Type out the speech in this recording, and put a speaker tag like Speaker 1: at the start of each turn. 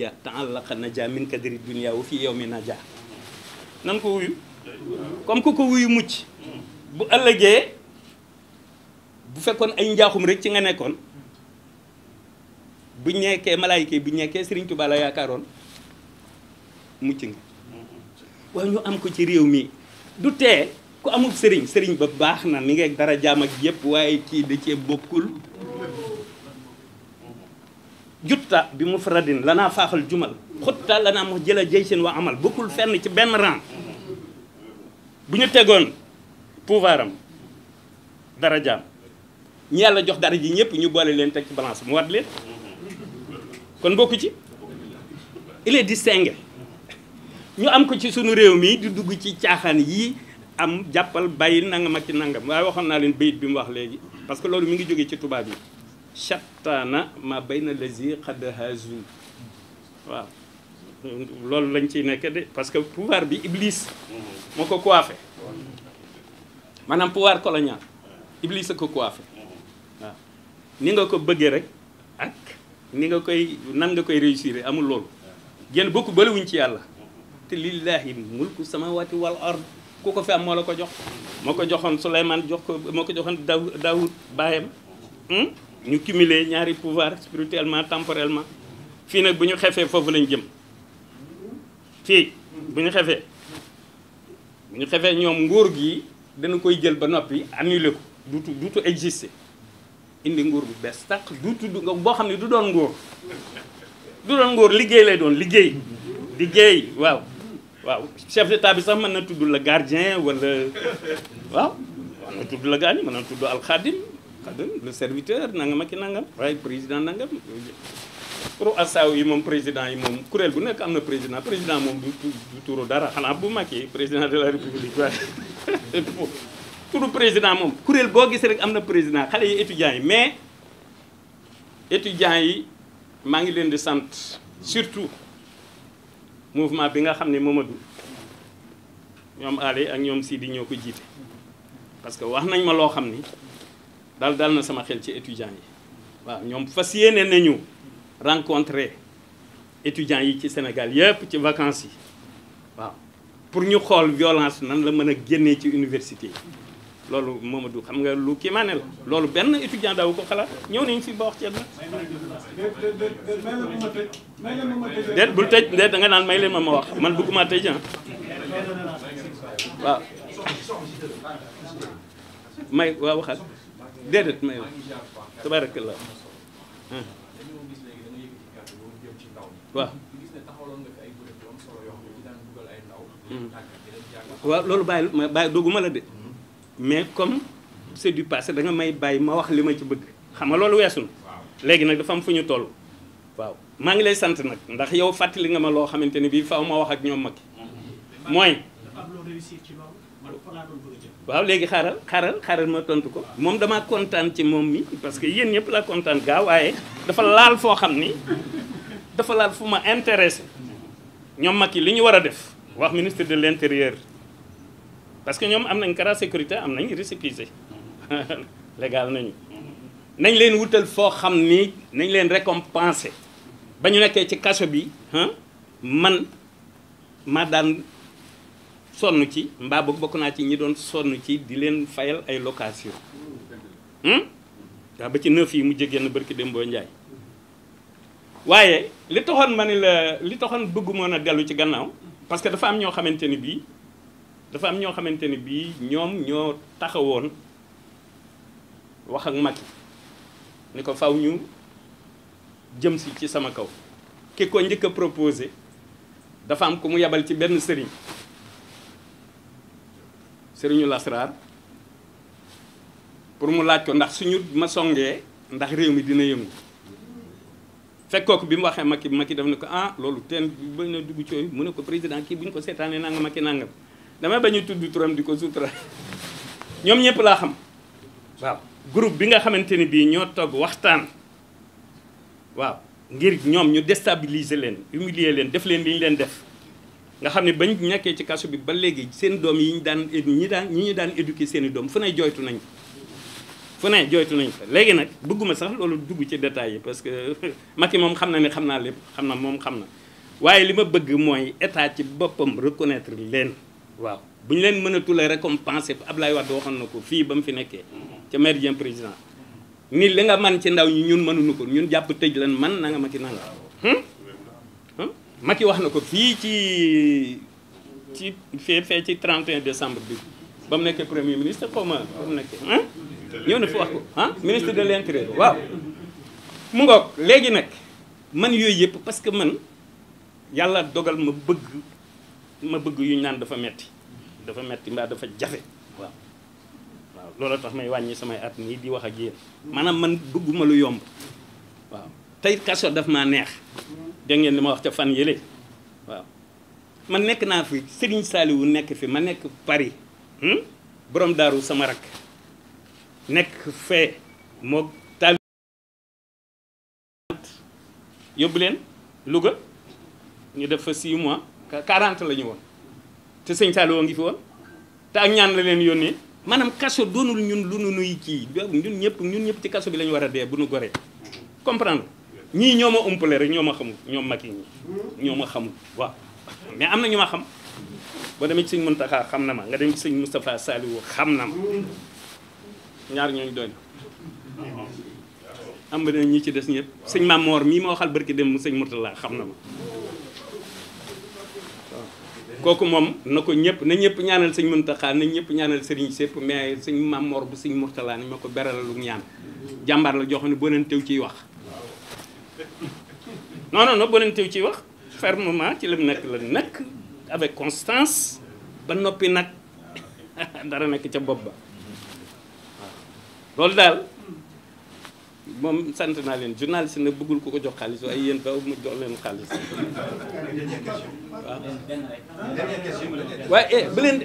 Speaker 1: la taallaqa naja min kadri dunia wa fi yawmi naja nan ko wuyu comme ku ko wuyu mucc bu ëllëgee bu fekkoon ay njaaxum rek ci nga nekkoon bu ñekkee malaayika bu nekkee Serigne Touba la yaakaaroon mucc nga waaw ñu am ko ci réew mi du tee ku amul sëriñ Serigne ba baax na mi ngeeg dara jaam ak yëpp waaye kii da bokkul jutta bi mu mufradin lanaa faaxal jumal xutta lanaa mu jëla jey seen waa amal bokkul fenn ci benn rang bu ñu tegoon pouvoir am darajaam ñi jox dara ji ñëpp ñu boole leen teg ci mu wat leen kon ci il est distingué ñu am ko ci sunu réew mii di dugg ci caaxaan yii am jàppal bàyyi nangam ak ci nangam waaye waxoon naa leen bayit bi mu wax léegi parce que loolu mi ngi jógee ci tubaab yi chattaana ma bayna lazi xad hazu waaw loolu lañ ci nekk de parce que pouvoir bi iblis moo ko coiffé maanaam pouvoir colonial iblis a ko coiffé waaw ni nga ko bëggee rek ak ni nga koy nan nga koy réussir amul loolu génn bokku bëliwuñ ci yàlla te lillahi mulku samawati wal ard ku ko fi am moo la ko jox moo ko joxoon Souleymane jox ko moo ko joxoon Daw Daoud baayam hmm? ñu cumuler ñaari pouvoir spirituellement temporellement fii nag bu ñu xefee foofu lañu jëm fii bu ñu xefee bu ñu xefee ñoom nguur gi dana koy jël ba noppi annulé ko duutu duutu exister indi nguur bu bees tax duutu du boo xam ne du doon nguur du doon nguur liggéey lay doon liggéey liggéey waaw waaw chef d'état bi sax mën na tudd la gardien wala waaw mën na tudd la gardien mën na tudd alxadim xadim le serviteur nangam ak i nangam waaye président nangam pro asaw yi moom président yi moom kuréel bu nekk am na président président moom du turu dara xanaa bu Macky président de la république waaye turu président moom kuréel boo gis rek am na président xale yi étudiants yi mais étudiants yi maa ngi leen di sant surtout mouvement bi nga xam ne Mamadou ñoom Ali ak ñoom Sidi ñoo ko jiite parce que wax nañ ma loo xam ni daal dal na sama xel ci étudiants yi waaw ñoom fas yéene nañu rencontrer étudiants yi ci Sénégal yëpp ci vacances yi waaw pour ñu xool violence nan la mën a génnee ci université yi loolu du xam nga lu kii maa la loolu benn étudiant daaw ko xalaat ñëw nañu fi ba wax ceeb na.
Speaker 2: déet bul tëj déet da
Speaker 1: naan may leen ma ma wax man bëgguma tëj ah waaw may waaw waxaat. déedéet may tabarakallah hmm. waaw hmm. waaw loolu bàyyi ma bàyyi dogguma la de mais comme c'est du passé da nga may bàyyi ma wax li ma ci bëgg xam nga loolu weesu na léegi nag dafa am fu ñu toll waaw maa ngi lay sant nag ndax yow fàttali nga ma loo xamante ni bii faw ma wax ak ñoom mag hmm. mooy waaw léegi xaaral xaaral xaaral ma tontu ko moom dama kontaan ci moom mi parce que yéen ñëpp laa kontaan gaa waaye dafa laal foo xam ni dafa laal fu ma intéressé ñoom mag yi li ñu war a def wax ministre de l'intérieur parce que ñoom am nañ kara sécurité am nañ récépissé légal nañu nañ leen wutal foo xam ni nañ leen récompenser ba ñu nekkee ci kaso bi man maa daan sonn ci mbaa bokk naa ci ñi doon sonn ci di leen fayal ay location hmm? waaw ba ci neuf yi mu jegeen barki démboo Njaay waaye li taxoon ma ni la li taxoon bëggumoon a dellu ci gannaaw parce que dafa am ñoo xamante ni bii dafa am ñoo xamante ni bii ñoom ñoo taxawoon wax ak Macky ni ko faw ñu jëm si ci sama kaw ki ko njëkk a proposé dafa am ku mu yabal ci benn sëriñ sëriñu lasraar pour mu laaj ko ndax suñu ma songee ndax réew mi dina yëngu fekkooku bi mu waxee Macky Macky def na ko ah loolu teen bañ na dugg cooy mu ne ko président kii bu ñu ko seetaanee nanga Macky nangam damay bañ a tudd turam di ko sutura ñoom ñëpp laa xam waaw groupe bi nga xamante ni bii ñoo togg waxtaan waaw ngir ñoom ñu déstabiliser leen humilier leen def leen li ñu leen def nga xam ne bañ nekkee ci kaso bi ba léegi seen doom yi ñu daan ñi daan ñi ñu daan éduquer seen doom fu ne jooytu nañ fu ne jooytu nañ fa léegi nag bëgguma sax loolu dugg ci détails yi parce que Macky moom xam na ni xam naa lépp xam na moom xam na waaye li ma bëgg mooy état ci boppam reconnaître leen waaw bu ñu leen mënatul a récompenser Ablaye Wade xam na ko fii ba mu fi nekkee ca méridien président ni li nga man ci ndaw ñi ñun mënuñu ko ñun jàpp tëj leen man na nga ma ki nanga ma Macky wax na ko fii ci ci fee fee ci 31 décembre bi ba mu nekkee premier ministre xaw ma ba mu nekkee ah ñëw na fi wax ko ah ministre de l'intérieur waaw mu ngoog léegi nag man yooyu yëpp parce que man yàlla dogal ma bëgg ma bëgg yu ñu naan dafa metti dafa metti mbaa dafa jafe waaw waaw loolu tax may wàññi samay at nii di wax ak yéen maanaam man bëgguma lu yomb waaw tey kaso daf maa neex dégg ngeen li ma wax ca fan yële waaw man nekk naa fi Serigne Saliou nekk fi ma nekk Paris hmm? boroom daaru sama rak nekk fee moo taal yóbbu leen Louga ñu def fa 6 mois 40 la ñu woon te sëñ Saliou ngi fi woon te ak ñaan la leen yónnee maanaam kaso doonul ñun lu nu nuy kii ñun ñëpp ñun ñëpp ci kaso bi lañu war a dee bu nu goree comprendre ñii ñoo ma umpale rek ñoo ma xamul ñoom mag yi ñii ñoo ma xamul waaw mais am na ñu ma xam boo demee ci sëñ Muntaxa xam na ma nga dem ci sëñ Moustapha xam na ñaar ñooñu doy na am ba ci des ñëpp sëñ Mamor mii ma waxal dem mu sëñ Murtala xam na kooku moom na ko ñëpp na ñëpp ñaanal sëñ Muntaxa na ñëpp ñaanal sëriñ sépp mais sëñ Mamor bu sëñ Murtala ni ma ko beralalu ñaan jàmbaar la jox ne boo leen teew ciy wax non non non bonentew ci wax fermement ci lim nekk la nekk avec constance ba noppi nag dara nekk ca bopp ba loolu daal moom sant naa leen journaliste na bëggul ku ko jox xaalis waaye yéen ba mu jox leen xaalis waaw waaye eh, ba leen